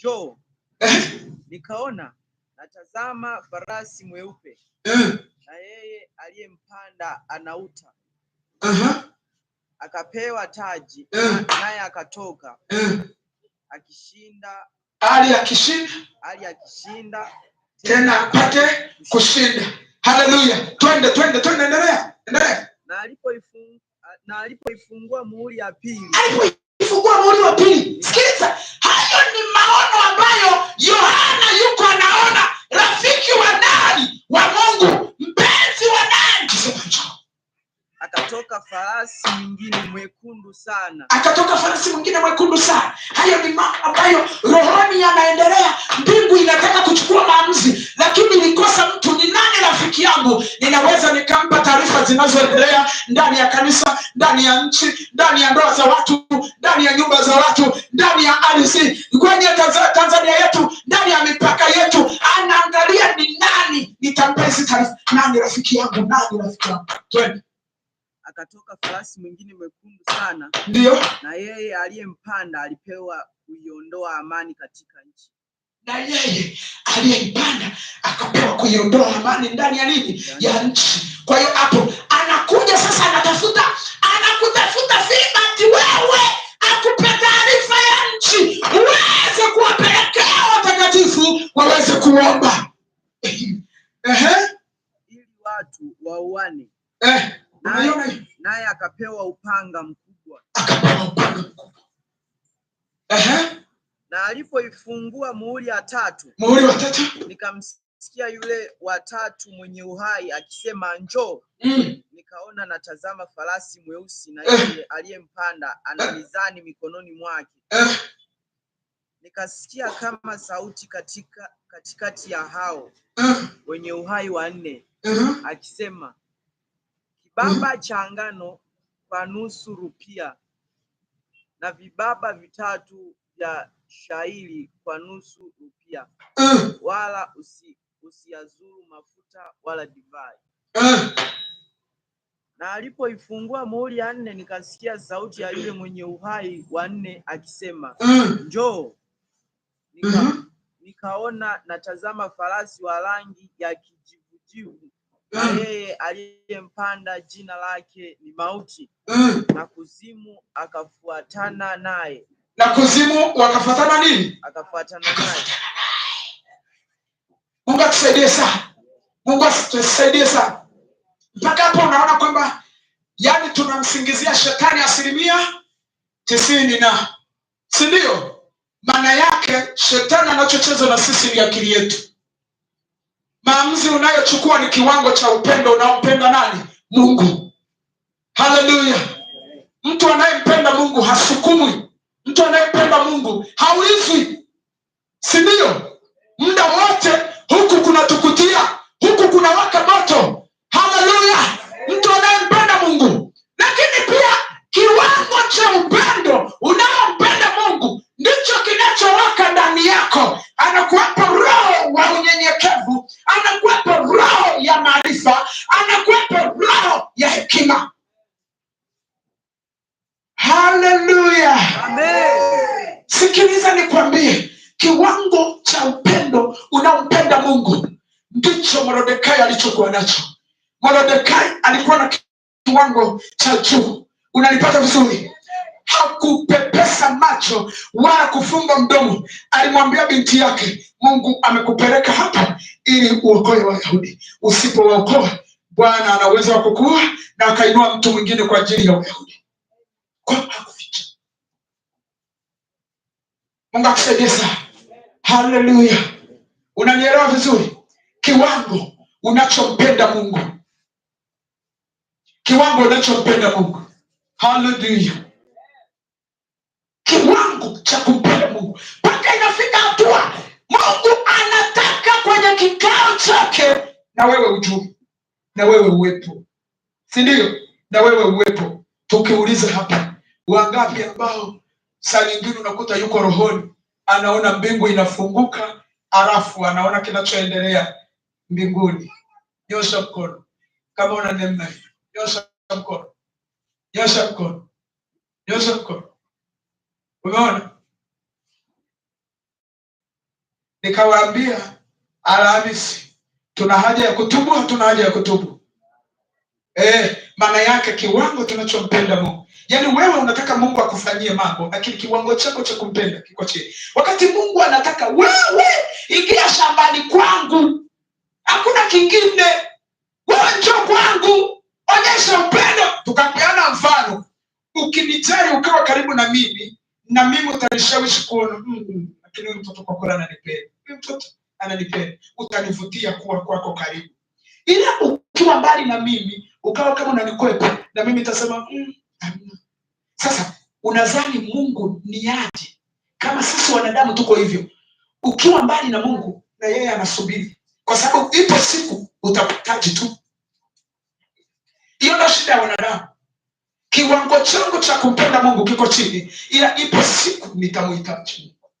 njoo. Eh. Nikaona natazama farasi mweupe eh. na yeye aliyempanda anauta. Akapewa taji eh. naye akatoka akishinda, ali akishinda, ali akishinda tena apate kushinda. Haleluya, twende twende twende, endelea endelea. Na alipoifungua na alipoifungua muhuri ya pili, alipoifungua muhuri wa pili, sikiliza, hayo ni maono ambayo Yohana yuko anaona rafiki wa farasi mwingine mwekundu sana, akatoka farasi mwingine mwekundu sana. Hayo ni mambo ambayo rohoni yanaendelea. Mbingu inataka kuchukua maamuzi, lakini nikosa mtu. Ni nani rafiki yangu ninaweza nikampa taarifa zinazoendelea ndani ya kanisa, ndani ya nchi, ndani ya ndoa za watu, ndani ya nyumba za watu, ndani ya ardhi, kwenye Tanzania yetu, ndani ya mipaka yetu. Anaangalia ni nani nitampa hizi taarifa. Nani rafiki yangu? Nani rafiki yangu? Twende akatoka farasi mwingine mwekundu sana, ndio na yeye aliyempanda alipewa kuiondoa amani katika nchi, na yeye aliyempanda akapewa kuiondoa amani ndani ya nini, ya nchi. Kwa hiyo hapo anakuja sasa, anatafuta anakutafuta fibati wewe, akupe taarifa ya nchi uweze kuwapelekea watakatifu waweze kuomba ili watu wauane eh naye akapewa upanga mkubwa akapewa upanga mkubwa Aha. na alipoifungua muhuri ya tatu muhuri wa tatu nikamsikia yule wa tatu mwenye uhai akisema njoo mm. nikaona natazama farasi mweusi na eh. yule aliyempanda ana eh. mizani mikononi mwake Eh. nikasikia kama sauti katika katikati ya hao Aha. Eh. wenye uhai wanne akisema Baba mm. changano nusu rupia na vibaba vitatu vya shairi kwa nusu rupia, mm. wala usi, usiazuru mafuta wala divai. Mm. Na alipoifungua muhuri ya nne, nikasikia sauti ya yule mwenye uhai wa nne akisema, njoo. Nika, mm-hmm. nikaona natazama farasi wa rangi ya kijivujivu Mm. yeye aliyempanda jina lake ni mauti mm. na kuzimu akafuatana naye. Na kuzimu wakafuatana nini? Akafuatana naye. Mungu atusaidie sana, Mungu atusaidie sana. Mpaka hapo unaona kwamba yani tunamsingizia shetani asilimia tisini na si ndio? Maana yake shetani anachocheza na sisi ni akili yetu maamuzi unayochukua ni kiwango cha upendo unaompenda nani? Mungu. Haleluya! Mtu anayempenda Mungu hasukumwi. Mtu anayempenda Mungu hawizwi, sindio mda Muda wote huku kuna tukutia, huku kuna waka moto. Haleluya! Mtu anayempenda Mungu, lakini pia kiwango cha upendo kuwa nacho. Mordekai alikuwa na kiwango cha juu, unalipata vizuri. Hakupepesa macho wala kufunga mdomo, alimwambia binti yake, Mungu amekupeleka hapa ili uokoe Wayahudi. Usipowaokoa, Bwana anaweza wakukua na akainua mtu mwingine kwa ajili ya Wayahudi. Mungu akusaidia sana. Haleluya, unanielewa vizuri kiwango unachompenda Mungu, kiwango unachompenda Mungu. Haleluya, kiwango cha kumpenda Mungu mpaka inafika hatua Mungu anataka kwenye kikao chake na wewe ujuu na wewe uwepo, sindio Na wewe uwepo. Tukiuliza hapa, wangapi ambao saa nyingine unakuta yuko rohoni, anaona mbingu inafunguka, alafu anaona kinachoendelea mbinguni. Nyosha mkono kama una namna hiyo, nyosha mkono, nyosha mkono, nyosha mkono. Umeona, nikawaambia Alhamisi tuna haja ya kutubu, hatuna haja ya kutubu. Eh, maana yake kiwango tunachompenda Mungu Yaani wewe unataka Mungu akufanyie mambo, lakini kiwango chako cha kumpenda kiko chini, wakati Mungu anataka wewe ingia shambani kwangu hakuna kingine, wewe kwangu, onyesha upendo. Tukapeana mfano, ukinijari ukiwa karibu na mimi, na mimi utanishawishi kuona Mungu, mm, lakini huyu mtoto kwa kweli ananipenda, huyu mtoto ananipenda, utanivutia kuwa kwako karibu. Ila ukiwa mbali na mimi, ukawa kama unanikwepa, na mimi nitasema mm, Sasa unadhani Mungu ni aje? Kama sisi wanadamu tuko hivyo, ukiwa mbali na Mungu na yeye anasubiri kwa sababu ipo siku utapataji tu. Hiyo ndo shida ya wanadamu. Kiwango changu cha kumpenda Mungu kiko chini, ila ipo siku nitamuhitaji Mungu,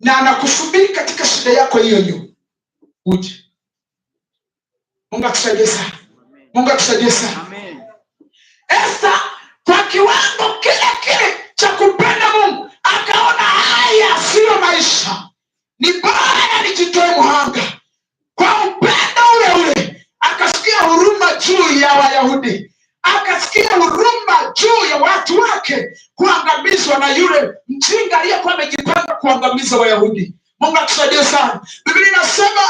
na anakusubiri katika shida yako hiyo hiyo uje. Mungu akusaidie sana, Mungu akusaidie sana. Esta kwa kiwango kile kile cha kumpenda Mungu akaona haya siyo maisha ni Daudi akasikia huruma juu ya watu wake kuangamizwa na yule mjinga aliyekuwa amejipanga kuangamiza Wayahudi. Mungu atusaidie sana. Biblia inasema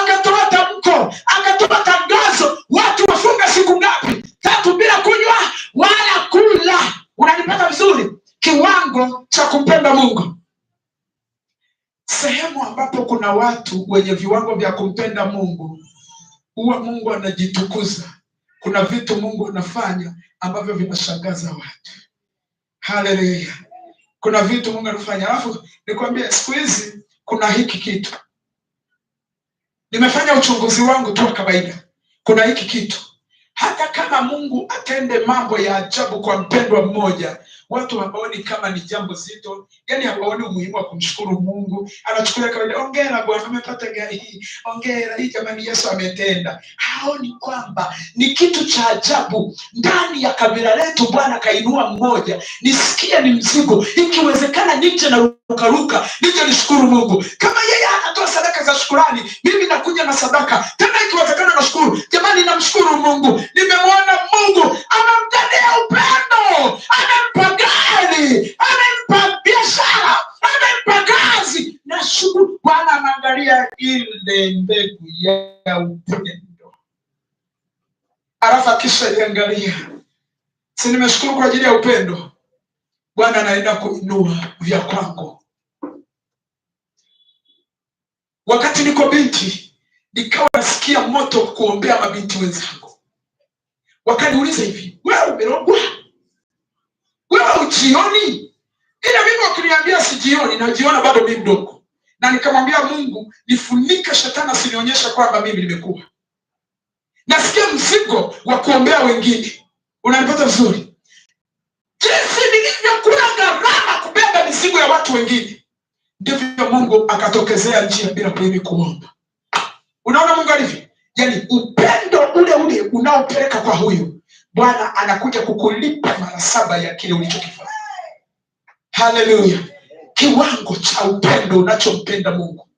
akatoa tamko, akatoa tangazo, watu wafunga siku ngapi? Tatu, bila kunywa wala kula. Unanipata vizuri? Kiwango cha kumpenda Mungu. Sehemu ambapo kuna watu wenye viwango vya kumpenda Mungu, huwa Mungu anajitukuza kuna vitu Mungu anafanya ambavyo vinashangaza watu. Haleluya! Kuna vitu Mungu anafanya, alafu nikwambie, siku hizi kuna hiki kitu. Nimefanya uchunguzi wangu tu wa kawaida, kuna hiki kitu hata kama Mungu atende mambo ya ajabu kwa mpendwa mmoja, Watu hawaoni kama ni jambo zito, yani hawaoni umuhimu wa kumshukuru Mungu. Anachukulia kawaida, ongera bwana, umepata gari hii, ongera hii, jamani, Yesu ametenda. Haoni kwamba ni kitu cha ajabu. Ndani ya kabila letu Bwana kainua mmoja, nisikia ni mzigo, ikiwezekana nije na rukaruka, nije nishukuru Mungu. Kama yeye anatoa sadaka za shukurani, mimi nakuja na sadaka tena, ikiwezekana nashukuru. Jamani, namshukuru Mungu, nimemwona Mungu amemtendea upendo, anampa gari, amempa biashara, amempa kazi na shughuli. Bwana anaangalia ile mbegu ya upendo, alafu akisha iangalia, si nimeshukuru kwa ajili ya upendo, Bwana anaenda kuinua vya kwangu. Wakati niko binti, nikawa nasikia moto kuombea mabinti wenzangu, wakaniuliza hivi, wewe umerogwa? sioni? Ila mimi wakiniambia sijioni, najiona bado mimi mdogo, na nikamwambia Mungu nifunike shetani asinionyesha kwamba mimi nimekuwa. Nasikia mzigo wa kuombea wengine, unanipata vizuri? Jinsi nilivyokuwa gharama kubeba mizigo ya watu wengine, ndivyo Mungu akatokezea njia bila mimi kuomba. Unaona Mungu alivyo, yaani upendo ule ule unaopeleka kwa huyu Bwana anakuja kukulipa mara saba ya kile ulichokifanya. Haleluya! Kiwango cha upendo unachompenda Mungu.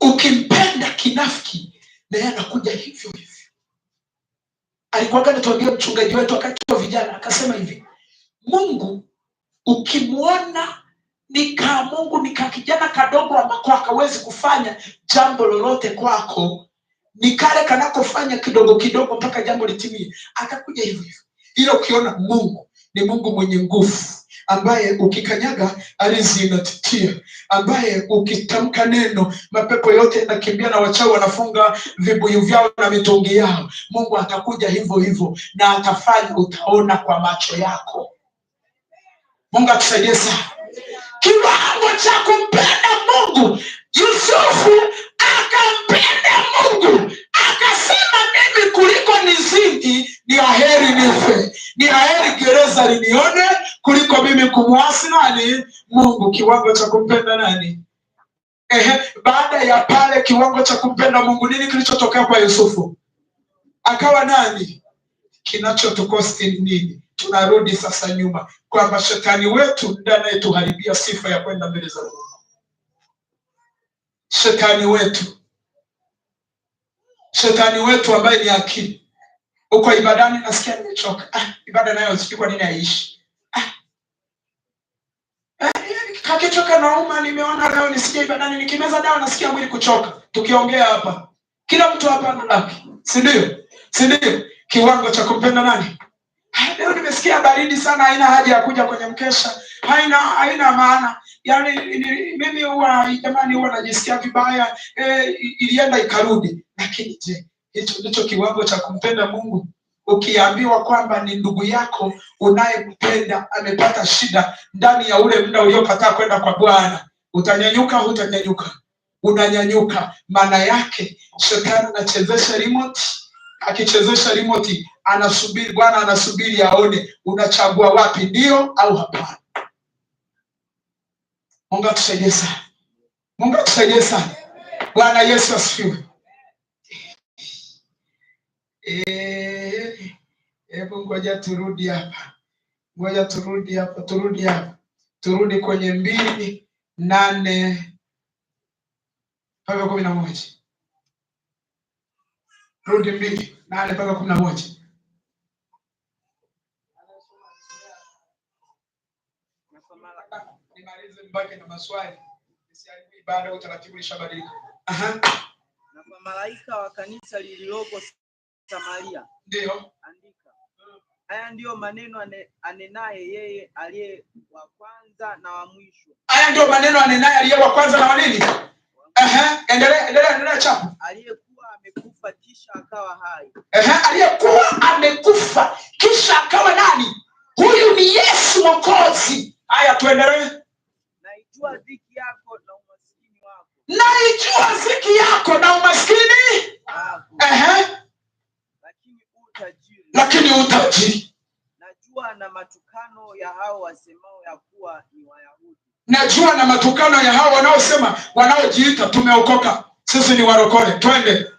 Ukimpenda kinafiki, naye anakuja hivyo hivyo. alikuwaga anatuambia mchungaji wetu wakati wa vijana, akasema hivi, Mungu ukimwona nikaa Mungu nikaa kijana kadogo ambako akawezi kufanya jambo lolote kwako ni kale kanakofanya kidogo kidogo mpaka jambo litimie. Atakuja hivyo hivyo, ila ukiona Mungu ni Mungu mwenye nguvu ambaye ukikanyaga arizi inatitia, ambaye ukitamka neno mapepo yote yanakimbia na wachao wanafunga vibuyu vyao na mitungi yao. Mungu atakuja hivyo hivyo na atafanya, utaona kwa macho yako. Mungu atusaidie sana. Kiwango cha kumpenda Mungu Yusufu akampenda mungu akasema mimi kuliko nizidi ni aheri nife ni aheri gereza linione kuliko mimi kumwasi nani mungu kiwango cha kumpenda nani Ehe, baada ya pale kiwango cha kumpenda mungu nini kilichotokea kwa yusufu akawa nani kinachotukosti nini tunarudi sasa nyuma kwamba shetani wetu ndi anayetuharibia sifa ya kwenda mbele za mungu shetani wetu shetani wetu ambaye ni akili. Uko ibadani nasikia nimechoka. Ah, ibada nayo sijui kwa nini haiishi. Ah. Eh, kakichoka nauma, nimeona leo nisikia ibadani, nikimeza dawa nasikia mwili kuchoka. Tukiongea hapa, kila mtu hapa ana laki, sindio Kiwango cha kumpenda nani? Ah, leo nimesikia baridi sana, haina haja ya kuja kwenye mkesha. Haina haina maana yani mimi huwa jamani, huwa najisikia vibaya eh, ilienda ikarudi. Lakini je, hicho ndicho kiwango cha kumpenda Mungu? Ukiambiwa kwamba ni ndugu yako unayempenda amepata shida ndani ya ule muda uliokataa kwenda kwa Bwana, utanyanyuka? Hutanyanyuka? Unanyanyuka. Maana yake shetani anachezesha remote, akichezesha remote anasubiri, Bwana anasubiri aone unachagua wapi, ndio au hapana. Mungu atusaidie sana. Mungu atusaidie sana. Bwana Yesu asifiwe. Eh, hebu ngoja turudi hapa, ngoja turudi hapa, turudi hapa, turudi kwenye mbili nane mpaka kumi na moja. Rudi mbili nane mpaka kumi na moja nimalize mbaki na maswali nisiharibu ibada, utaratibu ulishabadilika. Na kwa malaika wa kanisa lililoko Samaria, ndio andika haya ndiyo maneno anenaye yeye aliye wa kwanza na wa mwisho. Haya ndiyo maneno anenaye aliye wa kwanza na wa nini? Ehe, endelea endelea endelea chapu. Aliyekuwa amekufa kisha akawa hai. Ehe, aliyekuwa amekufa kisha akawa nani? Huyu ni Yesu Mwokozi. Haya, tuendelee. Naijua dhiki yako na umaskini wako. Naijua dhiki yako na umaskini Ehe. Lakini utajiri. Lakini utajiri. Najua na matukano ya hao wasemao ya kuwa ni Wayahudi. Najua na matukano ya hao wanaosema wanaojiita tumeokoka. Sisi ni warokole. Twende.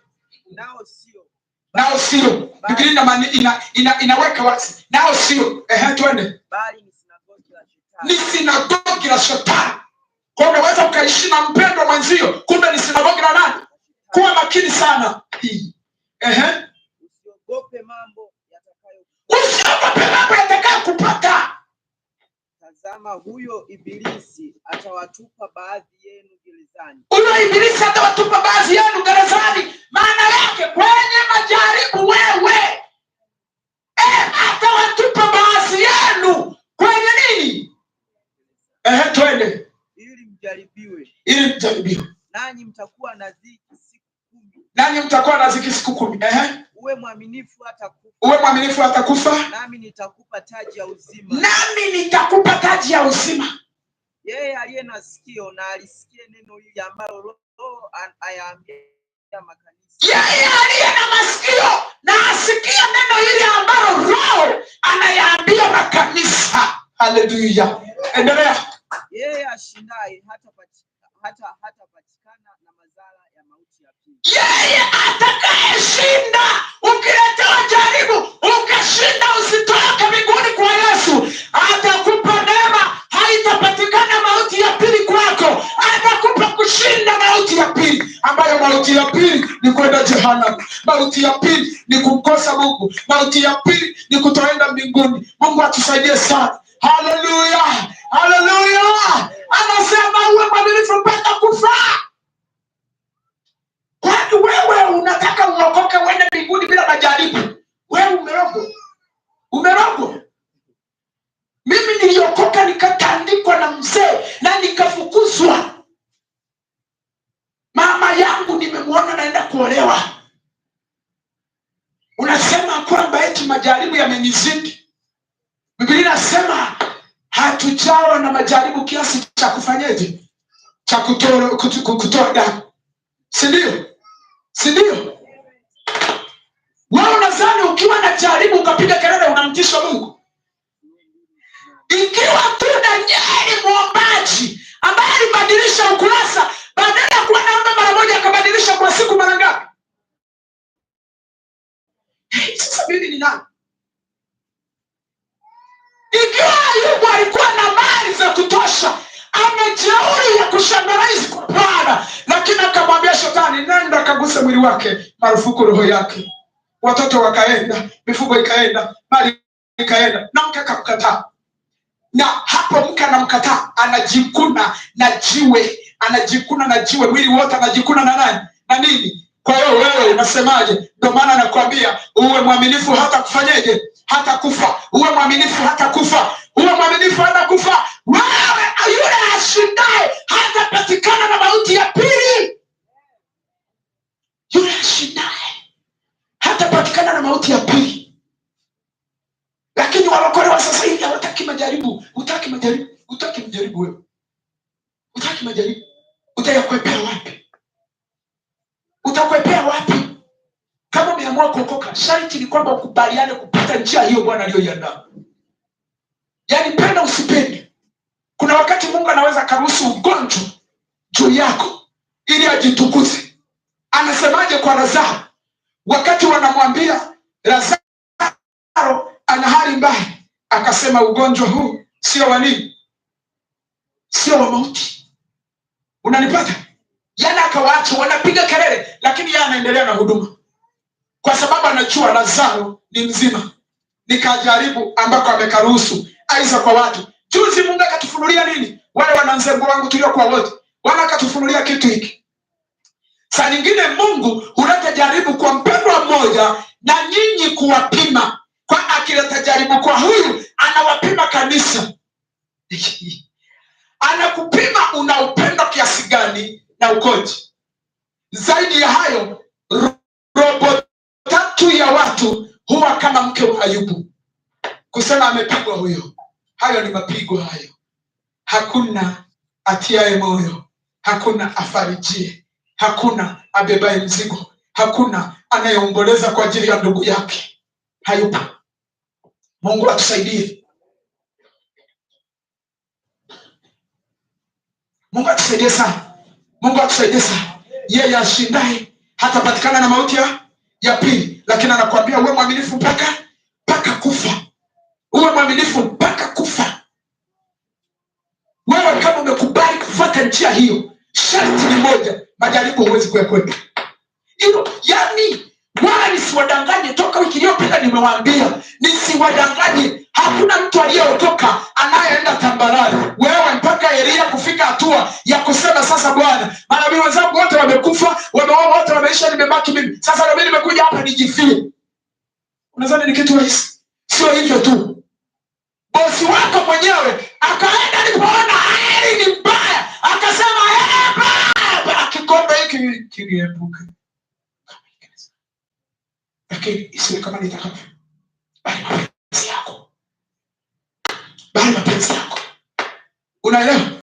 Nao sio. Nao sio. Biblia ina, ina, ina, inaweka wazi. Nao sio. Ehe, twende. Bali ni sinagogi la shetani. Ni sinagogi la shetani kwa unaweza ukaishi na mpendo mwenzio, kumbe ni sinagogi la nani. Kuwa makini sana usiogope mambo yatakayo kupata. Tazama, huyo ibilisi atawatupa baadhi yenu gerezani, huyo ibilisi atawatupa baadhi yenu gerezani. Maana yake kwenye majaribu wewe, e, atawatupa baadhi yenu kwenye nini? Ehe, twende mjaribiwe, ili mjaribiwe, nanyi mtakuwa na dhiki siku kumi, nanyi mtakuwa na dhiki siku kumi. Ehe, uwe mwaminifu hata kufa, uwe mwaminifu hata kufa, nami nitakupa taji ya uzima, nami nitakupa taji ya uzima. Yeye aliye na sikio na alisikie neno hili ambalo Roho ayaambia makanisa. Yeye aliye na masikio na asikie neno hili ambalo Roho anayaambia makanisa. Haleluya, endelea. Yeye ashindaye hatapatikana hata, hata na madhara ya mauti ya pili. Yeye atakayeshinda, ukiletewa jaribu ukashinda, usitoke miguuni kwa Yesu, atakupa neema, haitapatikana mauti ya pili kwako, atakupa kushinda mauti ya pili, ambayo mauti ya pili ni kwenda jehanamu. Mauti ya pili ni kumkosa Mungu. Mauti ya pili ni kutoenda mbinguni. Mungu atusaidie sana. Haleluya, haleluya! Anasema uwe mwaminifu mpaka kufa. Kwani wewe unataka uokoke uende mbinguni bila majaribu? Wewe umerogwa, umerogwa. Mimi niliokoka nikatandikwa na mzee na nikafukuzwa. Mama yangu nimemwona naenda kuolewa, unasema kwamba eti majaribu yamenizidi. Biblia inasema tulijawa na majaribu kiasi cha kufanyeje, cha kutoa damu, si ndio? si ndio? Wewe unazani ukiwa na jaribu ukapiga kelele unamtisha Mungu? Ikiwa tu Danieli mwombaji ambaye alibadilisha ukurasa, badala ya kuwa naomba mara moja akabadilisha kwa siku mara ngapi? Sasa mimi ni nani? Mungu alikuwa na mali za kutosha, ana ya kushangaza kwa Bwana, lakini akamwambia shetani, nenda akaguse mwili wake, marufuku roho yake. Watoto wakaenda, mifugo ikaenda, mali ikaenda, na mke akamkataa. Na hapo mke anamkataa, anajikuna na jiwe, anajikuna na jiwe, mwili wote anajikuna na nani na nini. Kwa hiyo wewe unasemaje? Ndio maana nakwambia uwe mwaminifu hata kufanyeje, hata kufa. Uwe mwaminifu hata kufa huyo mwaminifu hata kufa. Wewe yule ashindaye hatapatikana na mauti ya pili, yule ashindaye hatapatikana na mauti ya pili. Lakini walokole wa sasa hivi hawataki majaribu. Hutaki majaribu, hutaki majaribu wewe, hutaki majaribu, utayakwepea wapi? Utakwepea wapi? Kama umeamua kuokoka, sharti ni kwamba ukubaliane kupita njia hiyo Bwana aliyoiandaa yaani penda usipende. Kuna wakati Mungu anaweza akaruhusu ugonjwa juu yako ili ajitukuze. Anasemaje kwa Lazaro wakati wanamwambia razaro ana hali mbaya? Akasema ugonjwa huu sio wanii sio wa mauti. Unanipata? yana akawaacha wanapiga kelele, lakini yeye anaendelea na huduma kwa sababu anajua razaro ni mzima. Nikajaribu ambako amekaruhusu aiza kwa watu. Juzi Mungu akatufunulia nini? Wale wanamzengo wangu tuliokuwa wote, wana akatufunulia kitu hiki. Saa nyingine Mungu huleta jaribu kwa mpendwa mmoja na nyinyi kuwapima kwa, akileta jaribu kwa huyu anawapima kanisa anakupima una upendo kiasi gani na ukoji. Zaidi ya hayo, robo tatu ya watu huwa kama mke wa Ayubu kusema amepigwa huyo Hayo ni mapigo hayo. Hakuna atiaye moyo, hakuna afarijie, hakuna abebaye mzigo, hakuna anayeomboleza kwa ajili ya ndugu yake, hayupo. Mungu atusaidie, Mungu atusaidie sana, Mungu atusaidie sana. Yeye ashindaye hatapatikana na mauti ya pili, lakini anakuambia we mwaminifu mpaka mpaka kufa uwe mwaminifu mpaka kufa. Wewe kama umekubali kufata njia hiyo, sharti ni moja, majaribu huwezi kuyakwepa. Hilo yani, wala nisiwadanganye. Toka wiki iliyopita nimewaambia nisiwadanganye, hakuna mtu aliyeotoka anayeenda tambarare. Wewe mpaka Elia kufika hatua ya kusema sasa, Bwana, manabii wenzangu wote wamekufa, wameoa wote, wameisha, nimebaki mimi. Sasa nami nimekuja hapa nijifie. unazani ni kitu rahisi? Sio hivyo tu, bosi wako mwenyewe akaenda alipoona hili ni mbaya akasema eh, baba kikombe hiki kiliepuke lakini isiwe kama nitakavyo bali mapenzi yako bali mapenzi yako unaelewa